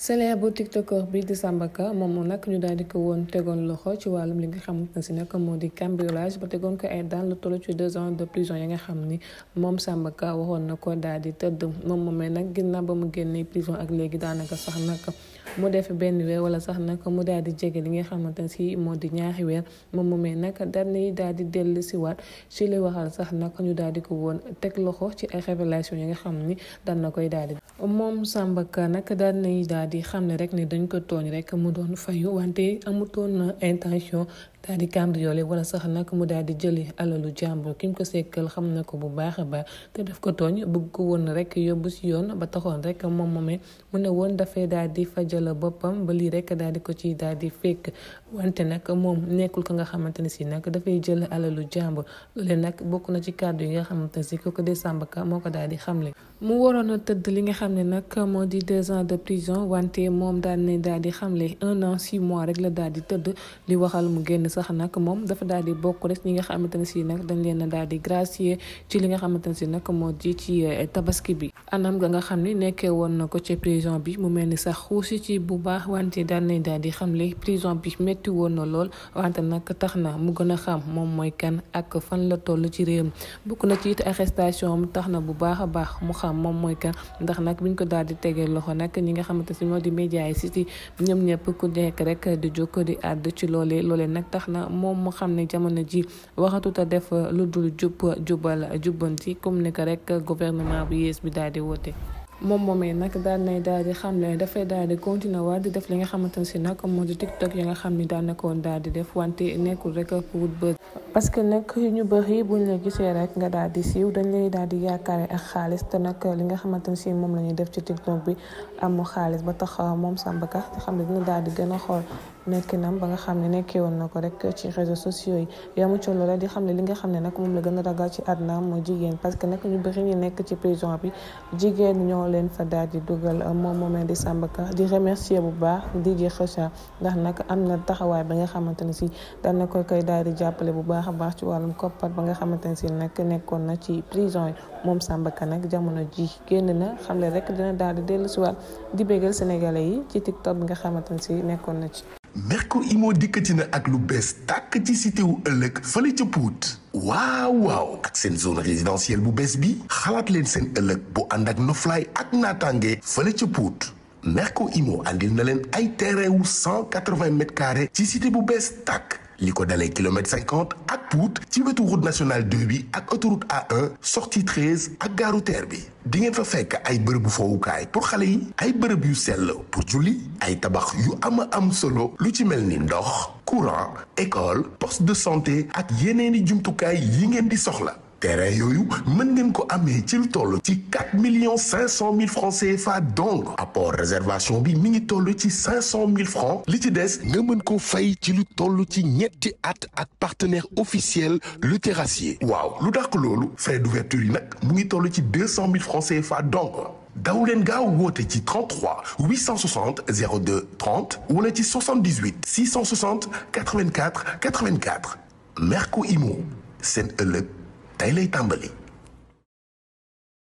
célèbre tiktokeur bi di Samba Ka moom nag ñu daal di ko woon tegoon loxo ci wàllum li nga xamante ne si nag moo di cambriolage ba tegoon xam ni moom Samba Ka waxoon na ko daal di tëdd moom moomee nag ginnaaw ba mu génnee prison ak léegi daanaka sax nag mu def benn weer wala sax nag mu daal di jege li nga xamante ne si moo di ñaari weer moom moomee nag daan nañ daal di dellu si waat ci sax nag ñu daal di ko woon teg loxo ci ay révélation yi nga xam ni daan na koy daal di daal di xam ne rek ne dañ ko tooñ rek mu doon fayu wante amutoon intention daal di cambriolé wala sax nag mu daal di jëli alalu jàmbur ki ñu ko sekkal xam na ko bu baax a baax te daf ko tooñ bëgg ko woon rek yóbbu si yoon ba taxoon rek moom moomee mu ne woon dafay daal di fajala boppam ba lii rek daal di ko ci daal di fekk wante nag moom nekkul ko nga xamante ne si nag dafay jël alalu jàmbur loole nag bokk na ci kàddu yi nga xamante si kooku Décembre Ka moo ko daal di xamle mu waroon a tëdd li nga xam ne nag moo di deux ans de prison. wante moom daal ne daal di xamle un an six mois rek la moom dafa daal di bokk rek ñi nga xamante ne si nag dañ leen a daal di gracier ci li nga xamante ne si nag moo ji ci eh, tabaski bi anam ga nga xam ne nekkee woon na ko ci prison bi mu mel ni sax xuusi ci bu baax wante daal ne daal di xamle prison bi métti woon na lool wante nag tax na mu gën a xam moom mooy kan ak fan la toll ci réew mi bokk na ci it arrestation tax na bu baax a baax mu xam moom mooy kan ndax nag biñ ko daal tegee loxo nag ñi nga xamante si moo di ñoom ñëpp ku nekk rek di jóg di àdd ci loole loole nag tax na moom mu xam ne jamono ji waxatuta def lu dul jub jubal jubbanti comme ni ko rek gouvernement bu yées bi daal di woote moom moomee nag daal nay daal di xam ne dafay daal di continuer waat di def li nga xamante ne si nag moo di tiktok ya nga xam ni daal na ko daal di def wante nekkul rek pour wut parce que nag ñu bëri buñ la gisee rek nga daal di siiw dañ lay daal di yaakaare ak xaalis te nag li nga xamante ne si moom la ñuy def ci tiktok bi amu xaalis ba tax ah, moom Samba Ka nga xam ne di gën a xool nekkinam ba nga xam ne nekkee woon na ko rek ci réseaux sociaux yi yamu di xam ne li nga xam ne nag moom la gën a ci àdduna mooy jigéen parce que nag ñu bëri ñu nekk ci prison bi jigéen ñoo leen fa daal di dugal ah, moom moomee di Samba di remercier bu baax di DJ Kheucha ndax nag am na taxawaay bi nga xamante ne si dana ko koy daal di jàppale bu baax baax a baax ci wàllum koppar ba nga xamante Ka nag jamono ji génn di dellu si waat di bégal sénégalais yi ci tiktok bi nga xamante ne si nekkoon na ci. Merco Imo dikkati na ak lu bees tàkk ci cité wu ëllëg fële bu bees bi xalaat leen seen ëllëg bu ànd ak noflaay ak naataange fële ca Pout Merco Imo andil na leen ay terrain wu 180 ci cité bu bees tàkk li ko dalee kilomètre cinquante ak Pout ci wetu route nationale 2 bi ak autoroute A1 ak gaaru terre bi di ngeen fa fekk ay bërëbu fowukaay pour xale yi ay bërëb yu sell pour julli ay tabax yu ama am solo lu ci mel ni ndox courant école poste de santé ak yeneeni jumtukaay yi ngeen di soxla terrain yooyu mën ngeen ko amee ci lu toll ci quatre millions cinq cent mille francs CFA donc apport réservation bi mi ngi toll ci cinq cent mille francs li ci des nga mën ko fay ci lu toll ci ñetti at ak partenaire officiel le terrassier waaw lu dàq loolu frais d'ouverture yi nag mu ngi toll ci deux cent mille francs CFA donc daw leen gaaw woote ci 33 860 02 30 wala ci 78 660 84 84 Merco Imo seen ëllëg tey lay tàmbali.